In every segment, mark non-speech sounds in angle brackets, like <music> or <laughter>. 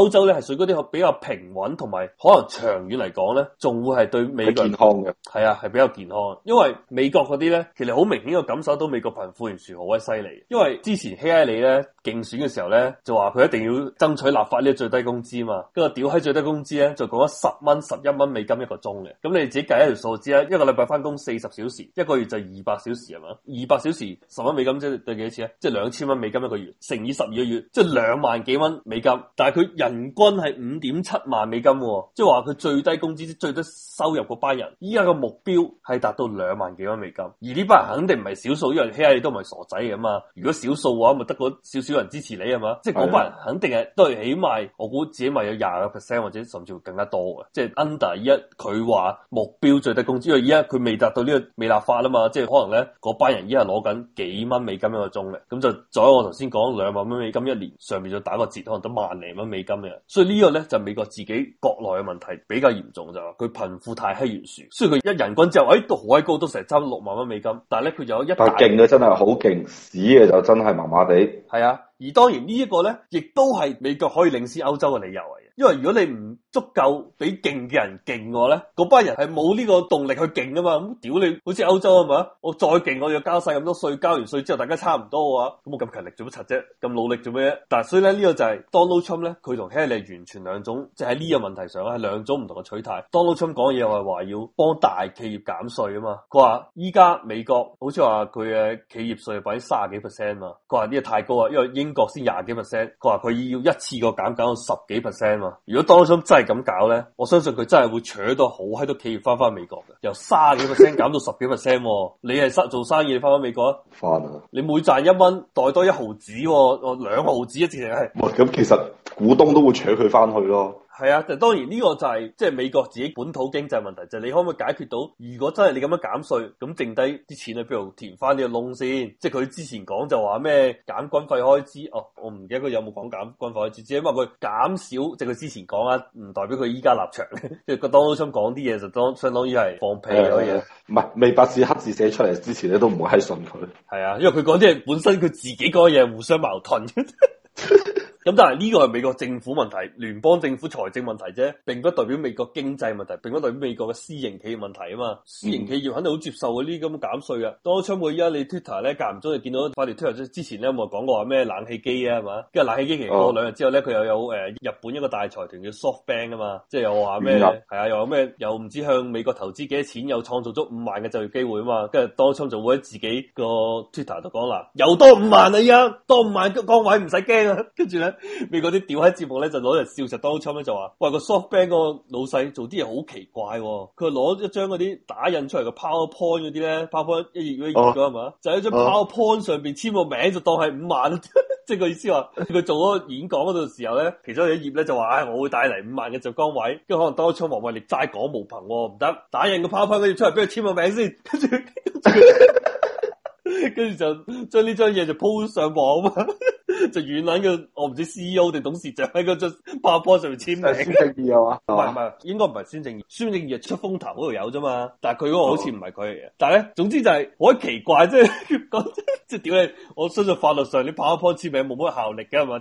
歐洲咧係水果啲比較平穩，同埋可能長遠嚟講咧，仲會係對美國健康嘅。係啊，係比較健康，因為美國嗰啲咧，其實好明顯我感受到美國貧富懸殊好鬼犀利。因為之前希拉里咧競選嘅時候咧，就話佢一定要爭取立法呢最低工資嘛。跟住屌起最低工資咧，就講咗十蚊、十一蚊美金一個鐘嘅。咁你哋自己計一條數字啊，一個禮拜翻工四十小時，一個月就二百小時係嘛？二百小時十蚊美金即係得幾多錢咧？即係兩千蚊美金一個月，乘以十二個月，即係兩萬幾蚊美金。但係佢人。平均係五點七萬美金。哦，即係話佢最低工資最多收入嗰班人，依家個目標係達到兩萬幾蚊美金。而呢班人肯定唔係少數，因為希拉里都唔係傻仔嘅嘛。如果少數嘅話，咪得嗰少少人支持你係嘛，即係嗰班人肯定係都係起碼，我估自己咪有廿個 percent 或者甚至會更加多嘅，即係 under 依一佢話目標最低工資啊，因為依家佢未達到呢個未立法啊嘛，即係可能咧嗰班人依家係攞緊幾蚊美金一個鐘嘅，咁就再我頭先講兩萬蚊美金一年，上面就打個折，可能得萬零蚊美金。所以呢個咧，就美國自己國內嘅問題比較嚴重，就話佢貧富太稀懸殊，所以佢一人均之後，哎都好鬼高，都成日爭六萬蚊美金，但係咧，佢就有一百勁嘅真係好勁，屎嘅就真係麻麻地。係啊，而當然呢一個咧，亦都係美國可以領先歐洲嘅理由嚟，啊。因為如果你唔足夠俾勁嘅人勁我咧，嗰班人係冇呢個動力去勁噶嘛。咁、嗯、屌你，好似歐洲係嘛？我再勁我要交晒咁多稅，交完稅之後大家差唔多嘅話，咁我咁勤力做乜柒啫？咁努力做咩？但係所以咧呢，這個就係 Donald Trump 咧，佢同 Hillary 完全兩種，即係喺呢個問題上係兩種唔同嘅取態。Donald Trump 講嘢係話要幫大企業減稅啊嘛。佢話依家美國好似話佢嘅企業稅係百分之卅幾 percent 嘛。佢話呢個太高啊，因為英國先廿幾 percent。佢話佢要一次過減減到十幾 percent。如果當初真係咁搞咧，我相信佢真係會搶到好閪多企業翻翻美國嘅，由卅幾 percent 減到十幾 percent，你係生做生意，你翻翻美國啊？翻啊了！你每賺一蚊，袋多一毫子哦，哦兩毫子一折係。唔係咁，其實，其實股東都會搶佢翻去咯。係啊，但當然呢個就係、是、即係美國自己本土經濟問題，就係、是、你可唔可以解決到？如果真係你咁樣減稅，咁剩低啲錢你譬如填翻呢個窿先？即係佢之前講就話咩減軍費開支哦，我唔記得佢有冇講減軍費開支，只係話佢減少。即係佢之前講啊，唔代表佢依家立場。 <laughs> 即係佢當想講啲嘢，就當相當於係放屁嗰啲嘢。唔係未白紙黑字寫出嚟之前咧，都唔會係信佢。係啊，因為佢講啲嘢本身佢自己講嘢互相矛盾。 <laughs> 咁但係呢個係美國政府問題、聯邦政府財政問題啫，並不代表美國經濟問題，並不代表美國嘅私營企業問題啊嘛。私營企業肯定好接受嗰啲咁減稅噶。特朗普會依家你 Twitter 咧，間唔中就見到快條 Twitter，即之前咧，我講過話咩冷氣機啊，係嘛？跟住冷氣機其實過兩日之後咧，佢、嗯、又有誒、呃、日本一個大財團叫 SoftBank 啊嘛，即係又話咩係啊，又話咩又唔知向美國投資幾多錢，又創造咗五萬嘅就業機會啊嘛。跟住特朗普就會喺自己個 Twitter 度講啦，又多五萬啦，依家多五萬嘅崗位唔使驚啊。跟住咧。你嗰啲屌閪節目咧，就攞嚟笑實 Donald Trump 咩就話，喂個 SoftBank 個老細做啲嘢好奇怪、哦，佢攞一張嗰啲打印出嚟嘅 powerpoint 嗰啲咧、oh.，powerpoint 一頁一頁咗係嘛，oh. 就喺張 powerpoint 上邊簽個名就當係五萬，即 <laughs> 係個意思話佢做嗰個演講嗰度時候咧，其中一頁咧就話，唉、哎、我會帶嚟五萬嘅就崗位，跟住可能 Donald Trump 話，喂，你齋講無憑、哦，唔得，打印個 powerpoint 嘅頁出嚟俾佢簽個名先，跟住跟住就將呢張嘢就 post 上網啊。 <laughs> 就遠諗嘅，我唔知 C E O 定董事長喺個隻花波上面簽名嘅。孫正義係嘛？唔係唔係，應該唔係孫正義。孫正義出風頭嗰度有啫嘛，但係佢嗰個好似唔係佢嚟嘅。但係咧，總之就係、是、好奇怪，即係講即係點咧？我相信法律上你一波簽名冇乜效力嘅係嘛？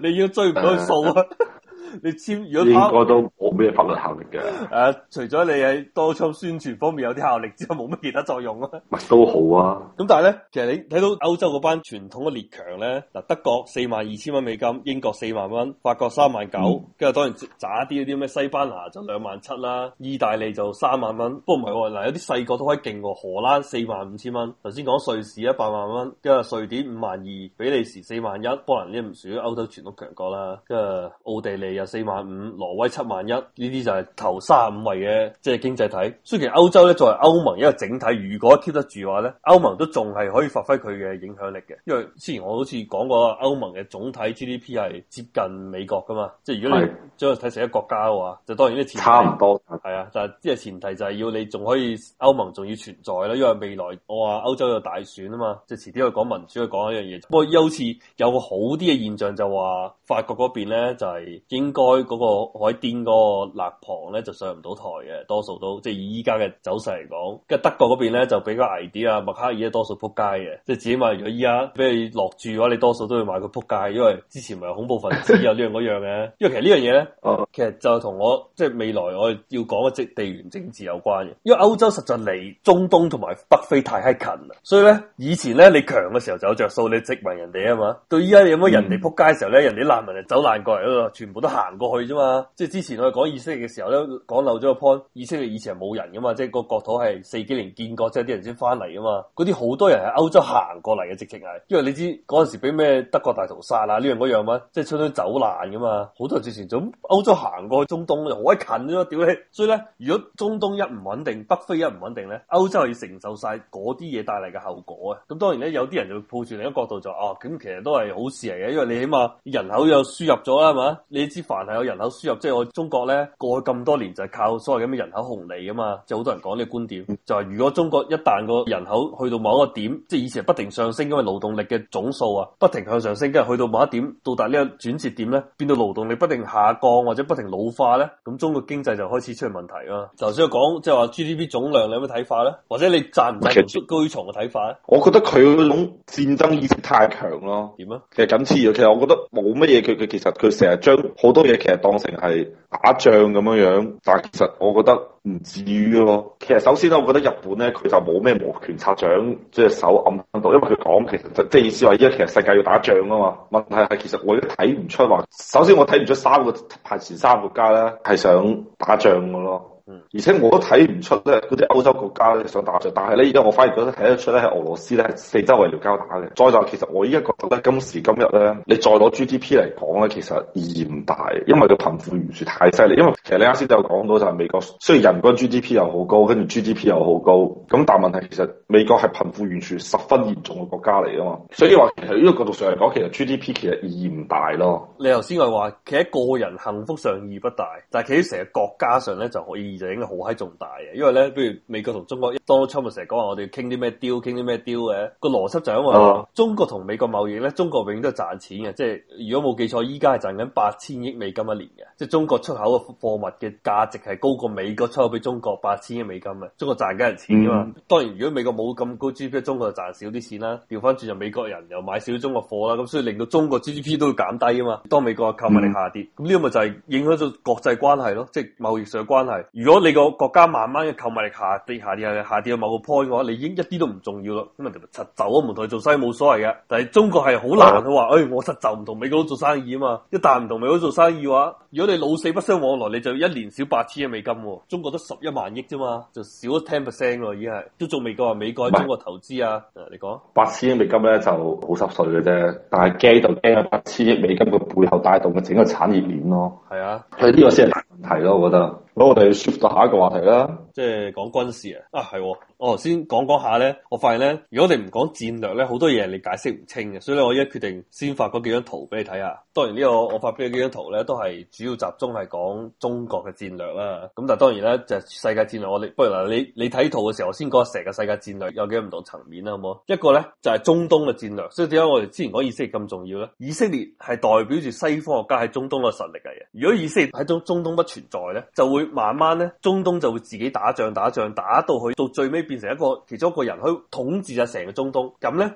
<laughs> 你要追唔到數啊！ <laughs> 你簽如果應該都冇咩法律效力嘅。誒、啊，除咗你喺多出宣傳方面有啲效力之外，冇乜其他作用咯、啊。都好啊。咁但係咧，其實你睇到歐洲嗰班傳統嘅列強咧，嗱德國四萬二千蚊美金，英國四萬蚊，法國三萬九，跟住當然渣啲嗰啲咩西班牙就兩萬七啦，意大利就三萬蚊。不過唔係喎，嗱有啲細個都可以勁喎，荷蘭四萬五千蚊。頭先講瑞士一百萬蚊，跟住瑞典五萬二，比利時四萬一，波蘭呢唔屬於歐洲傳統強國啦。跟住奧地利四萬五，45，挪威七萬一，呢啲就係頭三五位嘅，即係經濟體。雖然歐洲咧作為歐盟一個整體，如果 keep 得住嘅話咧，歐盟都仲係可以發揮佢嘅影響力嘅，因為之前我好似講過歐盟嘅總體 GDP 係接近美國噶嘛，即係如果你將佢睇成一個國家嘅話，的就當然都差唔多係啊。但係即係前提就係要你仲可以歐盟仲要存在啦，因為未來我話歐洲有大選啊嘛，即係遲啲去講民主去講一樣嘢。不過好有次有個好啲嘅現象就話法國嗰邊咧就係經。應該嗰個海癲嗰個勒旁咧就上唔到台嘅，多數都，多數都即係依家嘅走勢嚟講，跟德國嗰邊咧就比較危啲啊。默克爾多數仆街嘅，即係自己買咗依家，俾你落注嘅話，你多數都會買佢仆街，因為之前咪恐怖分子有呢 <laughs> 樣嗰樣嘅。因為其實呢樣嘢咧，哦、其實就同我即係未來我要講嘅即地緣政治有關嘅。因為歐洲實在離中東同埋北非太係近啦，所以咧以前咧你強嘅時候就有着數你殖民人哋啊嘛。到依家有冇人哋仆街嘅時候咧，人哋難民就走難過嚟啊，全部都。行過去啫嘛，即係之前我哋講以色列嘅時候咧，講漏咗個 point。以色列以前係冇人噶嘛，即係個國土係四幾年建國，即係啲人先翻嚟噶嘛。嗰啲好多人係歐洲行過嚟嘅，直情係。因為你知嗰陣時俾咩德國大屠殺啦，呢樣嗰樣啊，樣樣即係春春走難噶嘛。好多人直情從歐洲行過去中東，好近啫嘛，屌你。所以咧，如果中東一唔穩定，北非一唔穩定咧，歐洲係要承受晒嗰啲嘢帶嚟嘅後果啊。咁當然咧，有啲人就會抱住另一個角度就哦，咁其實都係好事嚟、啊、嘅，因為你起碼人口又輸入咗啦，係嘛？你知。凡係有人口輸入，即係我中國咧過去咁多年就係靠所謂嘅咩人口紅利啊嘛，就好多人講呢個觀點，就係如果中國一旦個人口去到某一個點，即係以前係不停上升，因為勞動力嘅總數啊不停向上升，跟住去到某一點到達呢個轉折點咧，變到勞動力不停下降或者不停老化咧，咁中國經濟就開始出問題啦。頭先我講即係話 GDP 總量你有咩睇法咧？或者你賺唔賺高倉嘅睇法咧？我覺得佢嗰種戰爭意識太強咯。點啊？其實咁次，其實我覺得冇乜嘢。佢佢其實佢成日將好。多嘢其實當成係打仗咁樣樣，但係其實我覺得唔至於咯。其實首先咧，我覺得日本咧佢就冇咩摩拳擦掌，即係手按到，因為佢講其實即係意思話依家其實世界要打仗啊嘛。問題係其實我依家睇唔出話，首先我睇唔出三個排前三個國家咧係想打仗嘅咯。嗯、而且我都睇唔出咧，啲歐洲國家咧想打仗，但係咧而家我反而覺得睇得出咧，喺俄羅斯咧四周圍要交打嘅。再就其實我依家覺得今時今日咧，你再攞 GDP 嚟講咧，其實意義唔大，因為個貧富懸殊太犀利。因為其實你啱先都有講到就係美國雖然人均 GDP 又好高，跟住 GDP 又好高，咁但問題其實美國係貧富懸殊十分嚴重嘅國家嚟啊嘛，所以話其實呢個角度上嚟講，其實 GDP 其實意義唔大咯。嗯、你頭先又話企喺個人幸福上意義不大，但係企喺成個國家上咧就可以。就應該好喺重大嘅。因為咧，譬如美國同中國，當初咪成日講話我哋要傾啲咩 deal，傾啲咩 deal 嘅個邏輯就因為中國同美國貿易咧，中國永遠都係賺錢嘅，即係如果冇記錯，依家係賺緊八千億美金一年嘅，即係中國出口嘅貨物嘅價值係高過美國出口俾中國八千億美金嘅，中國賺緊人錢啊嘛。嗯、當然，如果美國冇咁高 GDP，中國就賺少啲錢啦。調翻轉就美國人又買少中國貨啦，咁所以令到中國 GDP 都會減低啊嘛。當美國嘅購物力下跌，咁呢、嗯、個咪就係影響咗國際關係咯，即係貿易上嘅關係。如果你個國家慢慢嘅購買力下跌、下跌、下跌到某個 point 嘅話，你已經一啲都唔重要咯。咁啊，實就我唔同佢做生意冇所謂嘅。但係中國係好難，佢話誒，我實就唔同美國做生意啊嘛。一旦唔同美國做生意嘅話，如果你老死不相往來，你就一年少八千億美金。中國得十一萬億啫嘛，就少咗 ten percent 咯，已經係都仲未講話。美國喺中國投資啊，是你講八千億美金咧就好濕碎嘅啫，但係驚就驚八千億美金嘅背後帶動嘅整個產業鏈咯。係啊，佢呢個先係大問題咯，我覺得。好，我哋轉下一個話題啦，即係講軍事啊。啊，係、哦，我頭先講講下咧，我發現咧，如果你唔講戰略咧，好多嘢你解釋唔清嘅。所以咧，我而家決定先發嗰幾張圖俾你睇下。當然呢個我發俾你幾張圖咧，都係主要集中係講中國嘅戰略啦。咁但係當然咧，就係世界戰略。我哋不如嗱，你你睇圖嘅時候，先講成個世界戰略有幾唔同層面啦，好唔好？一個咧就係中東嘅戰略。所以點解我哋之前講以色列咁重要咧？以色列係代表住西方國家喺中東嘅實力嚟嘅。如果以色列喺中中東不存在咧，就會。慢慢咧，中東就會自己打仗打仗，打到去到最尾變成一個其中一個人去統治啊成個中東。咁咧，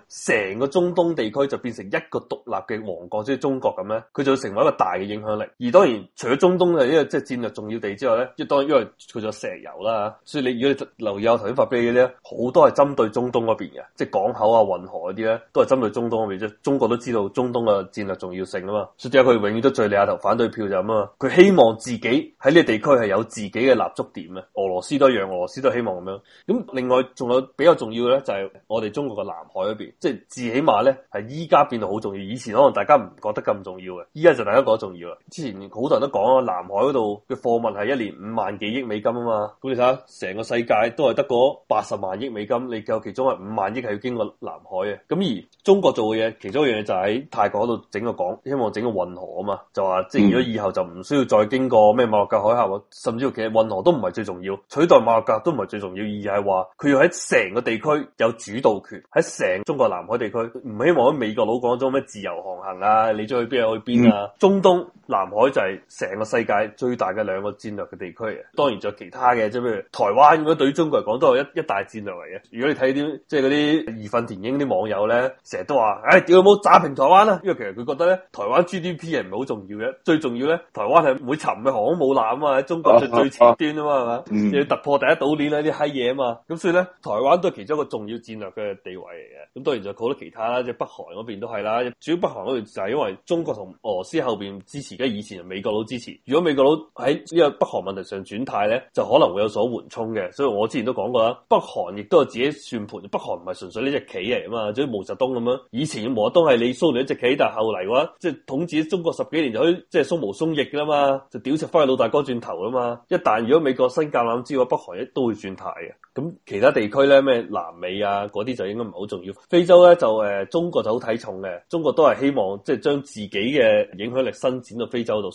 成個中東地區就變成一個獨立嘅王國，即係中國咁咧，佢就會成為一個大嘅影響力。而當然，除咗中東嘅呢個即係戰略重要地之外咧，亦都因為佢仲有石油啦，所以你如果你留意我頭先發俾你啲咧，好多係針對中東嗰邊嘅，即係港口啊、運河嗰啲咧，都係針對中東嗰邊。即中國都知道中東嘅戰略重要性啊嘛，所以而家佢永遠都敘利亞投反對票就咁啊，佢希望自己喺呢個地區係有。自己嘅立足點咧，俄羅斯都一樣，俄羅斯都希望咁樣。咁另外仲有比較重要嘅咧，就係我哋中國嘅南海嗰邊，即係至起碼咧係依家變到好重要。以前可能大家唔覺得咁重要嘅，依家就大家覺得重要啦。之前好多人都講啊，南海嗰度嘅貨物係一年五萬幾億美金啊嘛。咁你睇下，成個世界都係得嗰八十萬億美金，你夠其中係五萬億係要經過南海嘅。咁而中國做嘅嘢，其中一樣嘢就喺泰國嗰度整個港，希望整個運河啊嘛，就話即係如果以後就唔需要再經過咩馬六甲海峽。甚至其實運河都唔係最重要，取代馬六甲都唔係最重要，而係話佢要喺成個地區有主導權，喺成中國南海地區唔希望喺美國佬講中咩自由航行啊，你想去邊去邊啊？嗯、中東南海就係成個世界最大嘅兩個戰略嘅地區，當然仲有其他嘅，即係譬如台灣咁樣，如果對於中國嚟講都係一一大戰略嚟嘅。如果你睇啲即係嗰啲義憤填膺啲網友咧，成日都話，唉、哎，屌你冇炸平台灣啦、啊！因為其實佢覺得咧，台灣 GDP 係唔係好重要嘅，最重要咧，台灣係唔會沉嘅航空母艦啊喺中國。最前端啊嘛，係嘛、嗯，要突破第一島鏈呢啲閪嘢啊嘛，咁所以咧，台灣都係其中一個重要戰略嘅地位嚟嘅。咁當然就係好多其他啦，即係北韓嗰邊都係啦。主要北韓嗰邊就係因為中國同俄羅斯後邊支持，而以前係美國佬支持。如果美國佬喺呢個北韓問題上轉態咧，就可能會有所緩衝嘅。所以我之前都講過啦，北韓亦都有自己算盤。北韓唔係純粹呢隻棋嚟啊嘛，嘛，嘛，即係毛澤東咁樣。以前毛澤東係你蘇聯一隻棋，但係後嚟嘅話，即係統治中國十幾年就可以即係鬆毛鬆翼噶嘛，就屌食翻佢老大哥轉頭啊嘛。啊，一旦如果美國新橄欖枝嘅話北韓一都會轉軚嘅。咁其他地區咧咩，南美啊啲就應該唔係好重要，非洲咧就誒，中國就好睇重嘅，中國都係希望即係將自己嘅影響力伸展到非洲度。